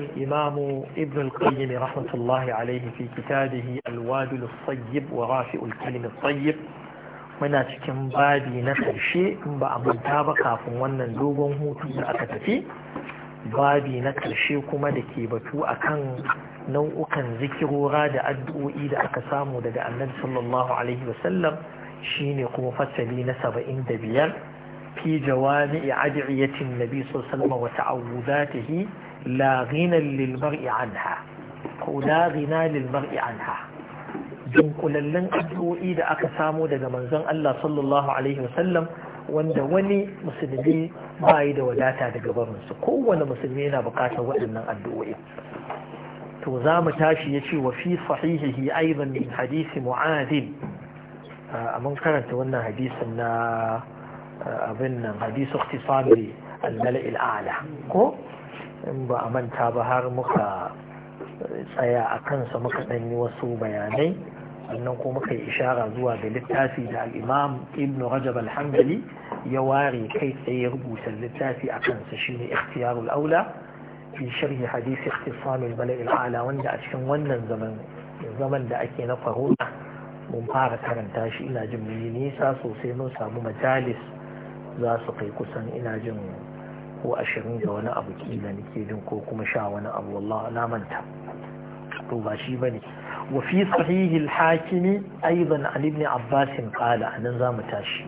الإمام ابن القيم رحمة الله fi في كتابه الوادل الصيب ورافع الكلم الطيب muna cikin babi na ƙarshe in ba a manta ba kafin wannan dogon hutu da aka tafi babi na ƙarshe kuma da ke batu akan nau'ukan zikirora da addu'o'i da aka samu daga annabi sallallahu alaihi wasallam shine kuma fasali na saba'in da biyar في جوامع أدعية النبي صلى الله عليه وسلم وتعوذاته لا غنى للمرء عنها لا غنى للمرء عنها dunkulallen addu'o'i da aka samo daga manzon Allah sallallahu alaihi wasallam wanda wani musulmi bayi da wadata daga barinsu kowane musulmi yana bukatar waɗannan addu'o'i to za mu tashi ya ce wa fi sahihihi aizan min hadisi mu'adin a mun karanta wannan hadisin na abin nan hadisu ikhtisami al-mala'il a'la ko in ba a manta ba har muka tsaya a kansa muka yi wasu bayanai sannan ko muka yi ishara zuwa ga littafi da al'imam ibn rajab alhambali ya ware kai tsaye rubuta littafi a kansa shine ikhtiyarul aula fi sharhi hadisi ikhtisam al-mala'il ala wanda a cikin wannan zaman zaman da ake na faruna mun fara karanta shi ina jin mun nisa sosai mun samu majalis za su kai kusan ina jin ko ashirin da wani abu kila nake jin ko kuma sha wani abu wallah na manta to ba shi bane wa fi sahihi al-hakim aidan an ibn abbas qala anan za mu tashi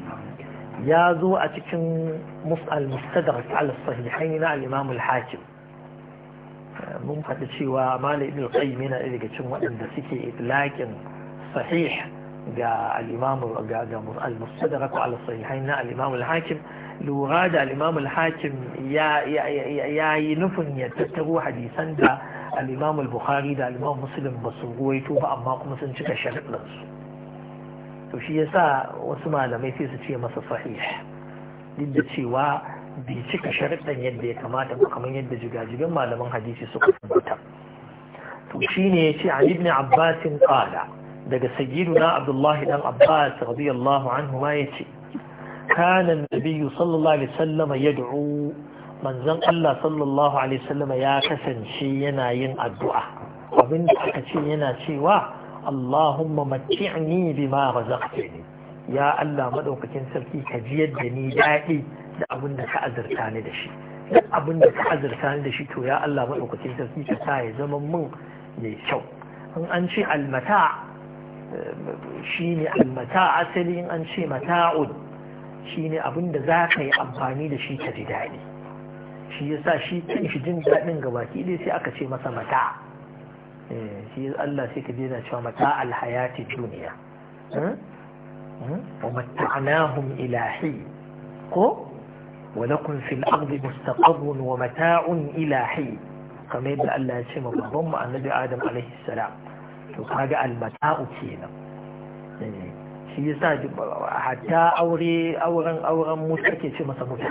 ya zo a cikin mus'al mustadrak ala sahihain na al-imam al-hakim mun faɗi cewa malam ibn qayyim yana daga cikin waɗanda suke itlaqin sahih ga al'imamu ga al-mustadrak ala na al'imamu al’hakim hakim lura da al'imamu al’hakim ya yi nufin ya tattaro hadisan da al'imamu al da al'imamu muslim ba su ruwaito ba amma kuma sun cika sharuɗin to shi ya sa wasu malamai sai su ce masa sahih duk da cewa bai cika sharuɗin yadda ya kamata ba kamar yadda jigajigan malaman hadisi suka tabbata to ne ya ce a ibn abbasin qala daga na abdullahi dan abbas radiyallahu anhu ma yace kana nabiyyu sallallahu alaihi wasallam yad'u manzon Allah sallallahu alaihi wasallam ya kasance yana yin addu'a abin da aka ce yana cewa Allahumma matti'ni bima razaqtani ya Allah madaukakin sarki ka jiyar da ni daɗi da abin da ka azurta ni da shi duk abin da ka azurta ni da shi to ya Allah madaukakin sarki ka sa ya zama mun mai kyau in an ce almata shi ne almata asali in an ce mata'un shi ne abin da za ka yi amfani da shi ka ji daɗi shi ya sa shi kan shi jin daɗin ga baki dai sai aka ce masa mata eh, shi ya Allah sai ka jena cewa mata alhayati duniya hmm? Hmm? wa mata'anahum ilahi ko wa lakum fil ardi mustaqarrun wa mata'un ilahi kamar yadda Allah ya ce ma babban mu annabi Adam to kaga almata'u kenan eh, shi yasa hatta aure auren auren mutu ake ce masa mutu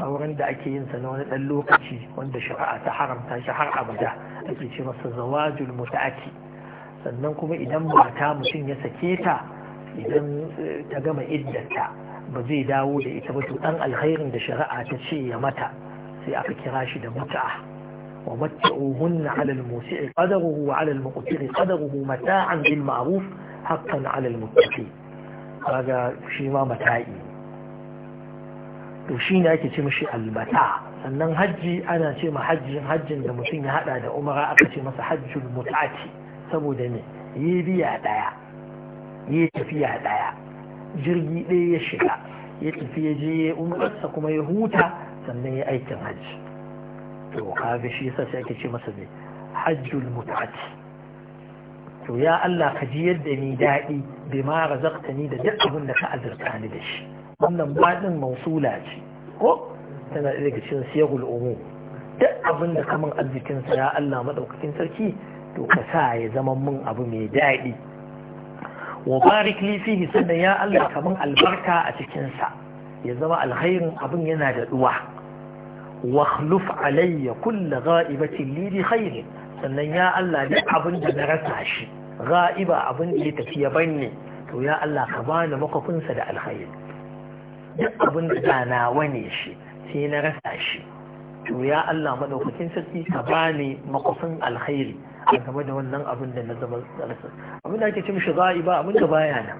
auren da ake yin sa na wani dan lokaci wanda shari'a ta haramta shi har abada ake ce masa zawajul muta'ati sannan kuma idan mata mutum ya sake ta idan eh, ta gama iddata ba zai dawo da ita ba to dan alkhairin da shari'a ta ce ya mata sai aka kira shi da mutu'a. ومتعوهن على الموسع قدره وعلى المقتر قدره متاعا بالمعروف حقا على المتقين هذا شيما متائي وشينا يكي تمشي المتاع أنن هجي أنا تيما حج حج ده مسين هذا ده أمرا أكتي مس حج المتعة سبو دني يبيع دايا يتفيع دايا جري ليش لا يتفيع جي أمرا سكما يهوتا سنن يأيتم حج to kaga shi yasa sai ake ce masa ne hajjul mut'ati to ya Allah ka ji yadda ni daɗi bi ma razaqtani da duk abin da ka azurta ni da shi wannan baɗin mausula ce ko tana daga cikin siyagul umu duk abin da kaman arzikin sa ya Allah madaukakin sarki to ka sa ya zama mun abu mai daɗi wa barik li fihi sannan ya Allah kaman albarka a cikin sa ya zama alkhairin abin yana da duwa واخلف علي كل غائبة لي بخير sannan ya Allah duk abin da na rasa shi ga'iba abin da ya tafi ya banne to ya Allah ka bani makwafinsa da alkhairi duk abin da na wane shi sai na rasa shi to ya Allah madaukakin sarki ka bani makwafin alkhairi a game da wannan abin da na zama rasa abin da ake ce mishi ga'iba abin da baya nan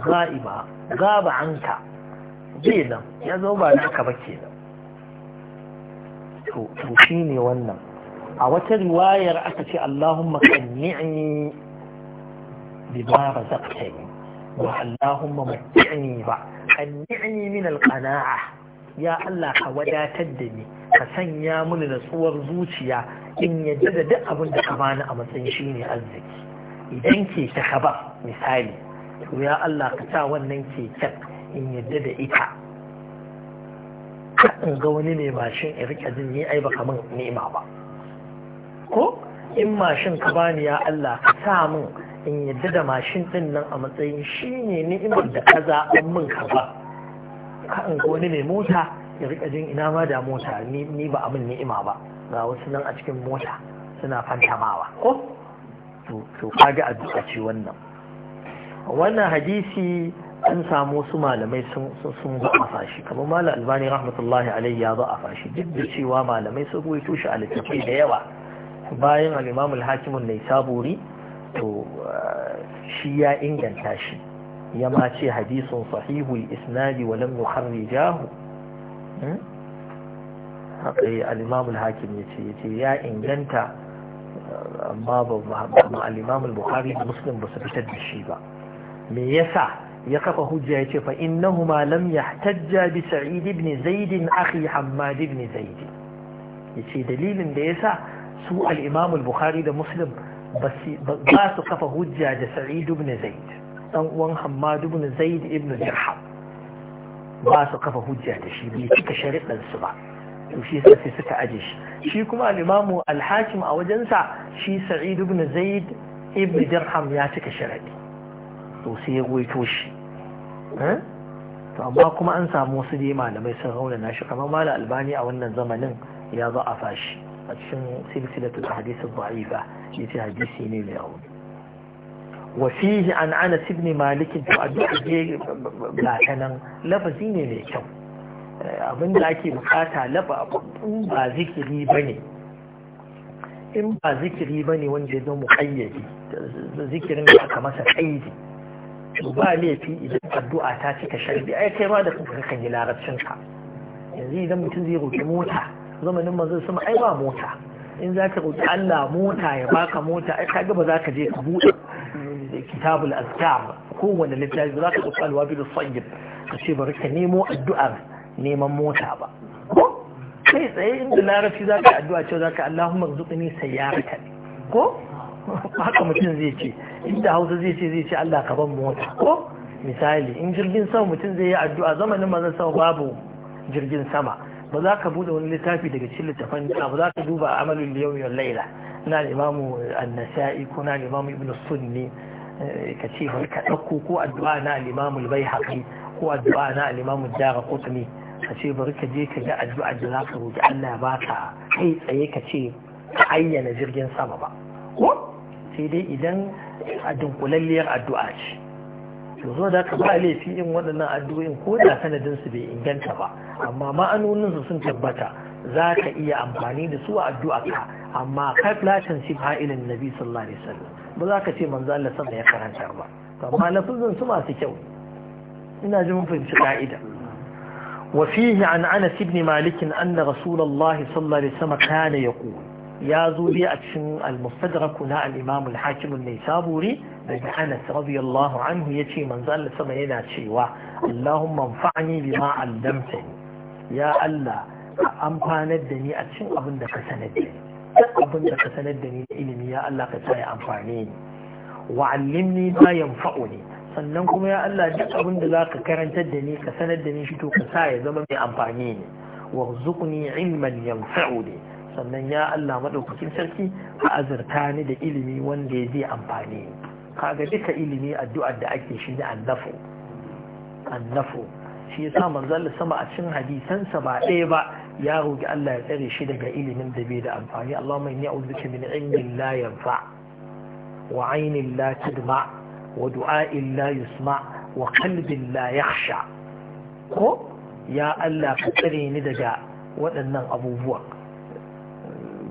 ga'iba gaba anka zai nan ya zo ba naka ba kenan to shi ne wannan a wata riwayar aka ce Allahumma kanni'i ma razaqtani wa Allahumma matti'ni ba kanni'i min alqana'a ya Allah ka wadatar da ni ka sanya mini natsuwar zuciya in yadda da duk abin da ka bani a matsayin shine arziki idan ke ka ba misali to ya Allah ka sa wannan keken in yadda da ita in ga wani ne mashin ya jin ni ai baka min ni'ima ba ko in mashin ka bani ya Allah ka sa min in yadda da mashin din nan a matsayin shi ne ni'imar da ka zaɓan min ka ba ka ga wani mai mota ya rika jin ina ma da mota ni ba min ni'ima ba ga wasu nan a cikin mota suna fantamawa ko to kaga a duka ce wannan wannan hadisi an samu wasu malamai sun za'afa shi kamar malam albani rahmatullahi alaihi ya za'afa shi duk da cewa malamai sun ruwaito shi a littattafai da yawa bayan al-imam al-hakimun ne saburi to uh, shi ya inganta shi ya ma ce hadisun sahihu isnadi wa lam yukharrijahu hmm? haka ya ce ya inganta uh, amma ba al al-bukhari da muslim ba su fitar da shi ba me yasa ya kafa hujja ya ce fa malam lam yahtajja bi sa'id ibn zaid akhi hammad ibn zaid yace dalilin da yasa su al-imam al-bukhari da muslim ba su kafa hujja da sa'id ibn zaid dan uwan hammad ibn zaid ibn dirham ba su kafa hujja da shi bai cika sharidan su ba to shi yasa sai suka aje shi shi kuma al-imam al-hakim a wajensa shi sa'id ibn zaid ibn dirham ya cika sharadi to sai ya ruwaito shi eh? to amma kuma an samu wasu dai malamai sun raunana shi kamar malam albani a wannan zamanin ya zo a fashi a cikin silsilatul hadisi ya ce hadisi ne mai rauni wa fihi an anas ibn malik a duk je ba kanan lafazi mai kyau eh, abinda ake bukata lafa ba zikiri bane in ba zikiri bane wanda ya zo muqayyadi zikirin da aka masa kaidi to ba laifi idan addu'a ta cika sharbi ai kai ma da kuka kan yi larabcin ka yanzu idan mutum zai roƙi mota zamanin manzon sama ai ba mota in za ka roƙi Allah mota ya baka mota ai kaga ba za ka je ka buɗe kitabul azkar kowane littafi za ka ɗauki alwabi da sanyin ka ce bari ka nemo addu'ar neman mota ba ko kai tsaye inda larabci za ka addu'a cewa za ka Allahumma zuƙini sayyaratan ko haka mutum zai ce inda hausa zai ce zai ce Allah ka ban mota ko misali in jirgin sama mutum zai yi addu'a zamanin zan sama babu jirgin sama ba za ka bude wani littafi daga cikin littafan da ba za ka duba amalul yau yau laila na imamu an-nasa'i ko na imamu ibn sunni eh, ka ce ka dauko ko addu'a na al-imamu al ko addu'a na al-imamu ad-darqutni ka ce bari ka je ka ga addu'a da za ka roƙi Allah ya baka kai tsaye ka ce ka ayyana jirgin sama ba sai dai idan a dunkulalliyar addu'a ce to zo da ka ba laifi in waɗannan addu'o'in ko da sanadin su bai inganta ba amma ma'anonin su sun tabbata za ka iya amfani da su a addu'a ka amma kai latin shi fa'ilin nabi sallallahu alaihi wasallam ba za ka ce manzo Allah sama ya karanta ba amma lafazin su masu kyau ina ji mun fahimci ka'ida وفيه عن أنس بن مالك أن رسول الله صلى الله عليه وسلم كان يقول ya zo dai a cikin al-mustadrak na al-imam al-hakim an-naisaburi daga Anas radiyallahu anhu yace manzo Allah sama yana cewa Allahumma anfa'ni ma 'allamtani ya Allah ka amfanar da ni a cikin abin da ka sanar da ni abin da ka sanar da ni na ilimi ya Allah ka sa ya amfane ni wa 'allimni ma yanfa'uni sannan kuma ya Allah duk abin da za ka karantar da ni ka sanar da ni shi to ka sa ya zama mai amfani ne warzuqni ilman yanfa'u ne sannan ya Allah maɗaukakin sarki a azurta ni da ilimi wanda ya zai amfani kaga duka ilimi addu'ar da ake shi da annafo annafo shi ya yasa manzon sama a cin hadisansa ba ɗaya ba ya roki Allah ya tsare shi daga ilimin da bai da amfani Allahumma inni a'udhuka min ilmin la yanfa wa 'aynin la tadma wa du'a'in la yusma wa qalbin la yakhsha ko ya Allah ka tsare ni daga waɗannan abubuwan?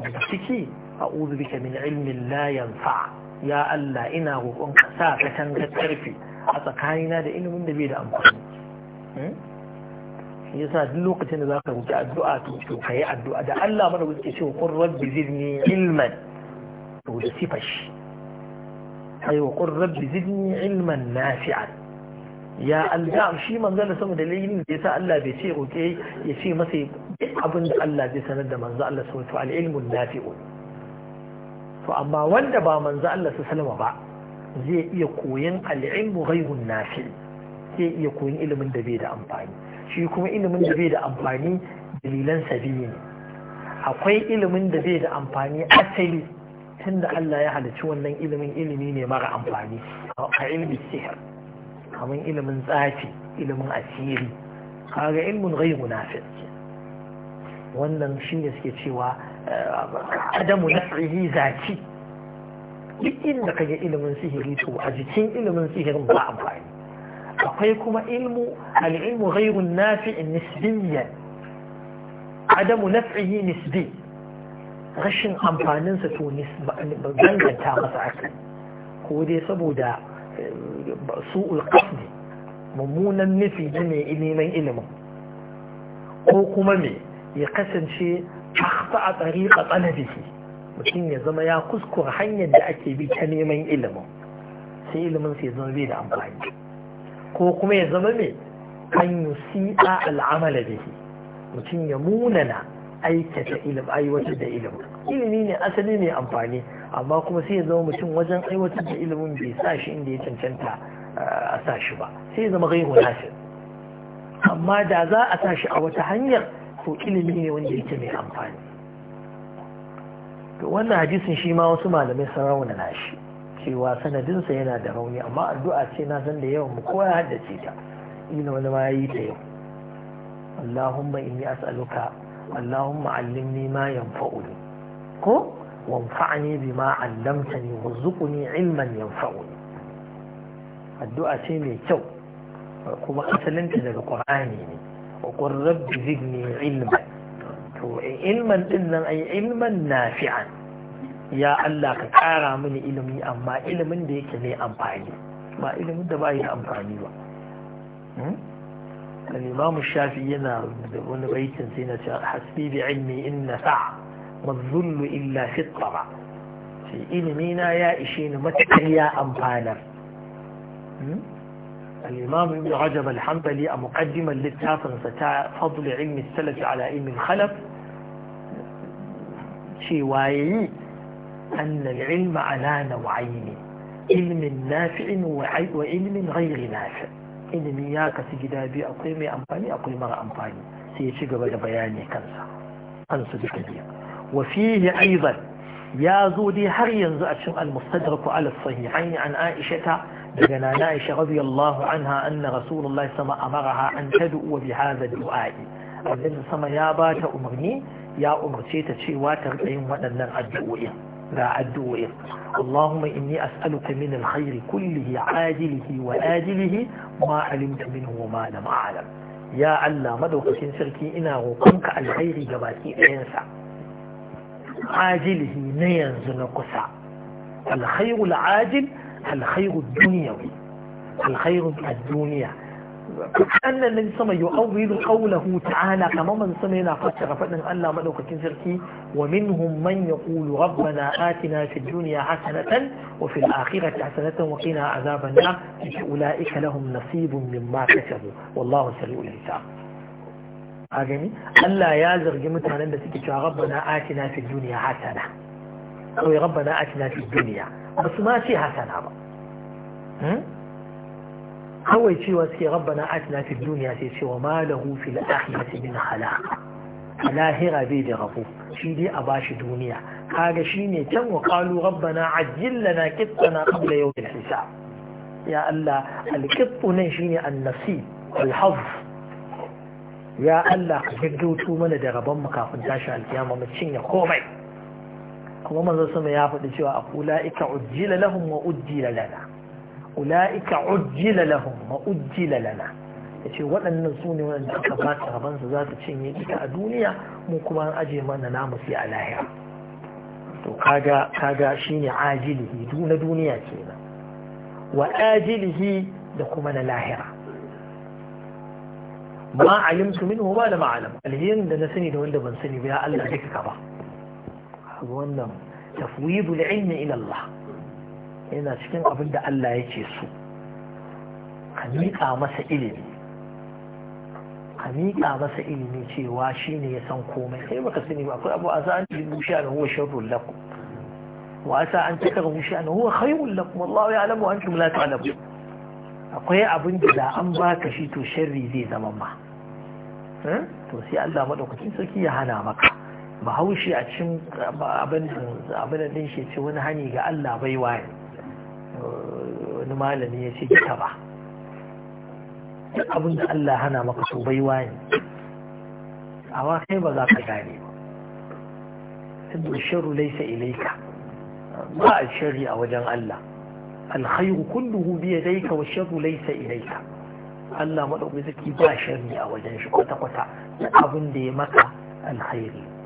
daga ciki a uzubika min ilmin layan yanfa ya Allah ina roƙon ka sa ka tanga ƙarfi a tsakanina da ilimin da bai da amfani hmm? shi yasa duk lokacin da ka roƙi addu'a to ka yi addu'a da Allah mana wuce ce qur rabbi zidni ilman to da sifashi ai wa qur rabbi zidni ilman nafi'an ya alda shi manzon sama da lailin da yasa Allah bai ce roƙe ya ce masa abin da Allah zai sanar da manzo Allah su wato al'ilmun nafi'un to amma wanda ba manzo Allah su salama ba zai iya koyan al'ilmu ghairun nafi zai iya koyan ilimin da bai da amfani shi kuma ilimin da bai da amfani dalilan sabiyi ne akwai ilimin da bai da amfani asali tunda Allah ya halicci wannan ilimin ilimi ne mara amfani a ilimin sihir kamar ilimin tsafi ilimin asiri kaga ilmin ghairu nafi' wannan shi ne suke cewa eh, adamu nasrihi zaki duk inda ga ilimin sihiri to a jikin ilimin sihirin ba amfani akwai kuma ilmu al'ilmu ghairun nafi'in nisbiyan adamu naf'ihi nisbi rashin amfanin amfaninsa to danganta masa aka ko dai saboda eh, su'ul qasdi mummunan nufi ne neman ilimin ko kuma me ya kasance akhta a tsariƙa talabihi mutum ya zama ya kuskura hanyar da ake bi ta neman ilimin sai ilimin sai zama bai da amfani ko kuma ya zama mai an yusi'a al'amala bihi mutum ya munana aikata ilim aiwatar da ilimin ilimi ne asali ne amfani amma kuma sai ya zama mutum wajen aiwatar da ilimin bai sa shi inda ya cancanta eh, a sa shi ba sai ya zama gaihu amma da za a sa shi a wata hanyar ko ilimi ne wanda yake mai amfani to wannan hadisin shi ma wasu malamai sun na shi cewa sanadinsa yana da rauni amma addu'a ce na san da yawan mu kowa haddace ta ina wani ma yi ta yau Allahumma inni as'aluka Allahumma allimni ma yanfa'uni ko wanfa'ni bima 'allamtani warzuqni 'ilman yanfa'uni addu'a ce mai kyau kuma asalinta daga Qur'ani ne وقل رب زدني علما علما إنن أي علما نافعا يا الله كارا من علمي أما علم ديك لي أمباني ما علم دبائي أمباني با الإمام الشافعي ينا وانا بيت سينا حسبي بعلمي إن نفع والظل إلا في الطبع في علمينا يا إشين متقيا أمبانا الإمام ابن عجب الحنبلي مقدما للتافن فتاع فضل علم السلف على علم الخلف في أن العلم على نوعين علم نافع وعلم غير نافع إن علم ياك سجدابي أقيمي أمباني أقيمر أمباني سيشيك بدا بياني كنسا كنسا بكثير وفيه أيضا يا زودي هريا ينزأت المستدرك على الصحيحين عن عائشة daga nana Aisha radiyallahu anha anna Rasulullahi sama amaraha an tad'u bi hadha du'a'i annabi sama ya bata umarni ya umarce ta cewa ta rika yin waɗannan addu'o'in da addu'o'in Allahumma inni as'aluka min alkhairi kullihi ajilihi wa ajilihi ma alimta minhu wa ma lam a'lam ya Allah madaukakin sarki ina roƙonka alkhairi ga baki ɗayansa ajilihi na yanzu na kusa alkhairu al'ajil الخير الدنيوي الخير الدنيا أن النبي صلى الله عليه وسلم يؤول قوله تعالى كما من سمعنا فتر أن لا ملوك كنزركي ومنهم من يقول ربنا آتنا في الدنيا حسنة وفي الآخرة حسنة وقنا عذاب النار أولئك لهم نصيب مما كسبوا والله سريع الحساب أجمي ألا يازر جمتنا لن تكتشى ربنا آتنا في الدنيا حسنة أو ربنا آتنا في الدنيا ba su ma ce hasana ba hmm? kawai cewa suke rabbana atina fi duniya sai cewa ma lahu fil akhirati min halaq lahira bai da rabo shi dai a bashi duniya kaga shine can wa qalu rabbana ajjil lana qittana qabla yawm al-hisab ya Allah al-qittu nan shine an-nasib al ya Allah ka gaggauto mana da rabon mu kafin tashi alkiyama mu cinye komai kuma manzon sama ya faɗi cewa a ula'ika ujjila lahum wa ujjila lana ula'ika ujjila lahum wa ujjila lana ce waɗannan su ne waɗanda aka ba ta rabansa za ta cinye ita a duniya mu kuma an aje mana namu sai a lahira to kaga kaga shine ajilihi na duniya kenan wa ajilihi da kuma na lahira ma alimtu minhu ba da ma'alam da na sani da wanda ban sani ba ya Allah duka ka ba wannan tafwidul ilmi ila Allah yana cikin abin da Allah ce su. ka miƙa masa ilimi ka miƙa masa ilimi cewa shi ne ya san komai sai baka sani ba akwai abu a sa an ci bushiya na huwa sharrun lakum wa asa an ci kar bushiya na huwa khairun lakum Allah ya alamu an tum la ta'lamu akwai abin da da an baka shi to sharri zai zama ma hmm? to sai Allah madaukakin sarki ya hana maka bahaushe a cikin abin da shi ce wani hani ga Allah bai waye wani malami ya ce gita ba abin da Allah hana maka so bai waye a kai ba za ka gane ba da sharu laisa ilaika ba a shari a wajen Allah alkhairu kulluhu bi ka wa sharu laisa ilaika Allah zaki ba shari a wajen shi kwata kwata abin da ya maka alhaihu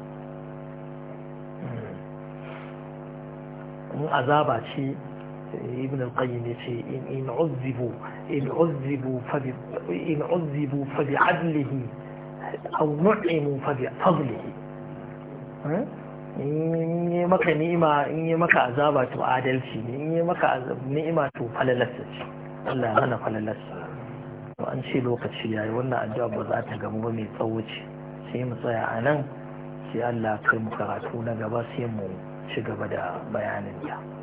in azaba ce eh, ibn al-qayyim yace in uzzibu in uzzibu fa bi in uzzibu fa bi adlihi aw nu'imu fa bi fadlihi eh? in yi maka ni'ima in yi maka azaba to adalci ne in yi maka ni'ima to falalasta ce Allah ya hana falalasta to an ce lokaci yayi wannan addu'a ba za ta gamu ba mai tsawo ce sai mu tsaya a nan sai Allah kai mu karatu na gaba sai mu ci gaba da ya.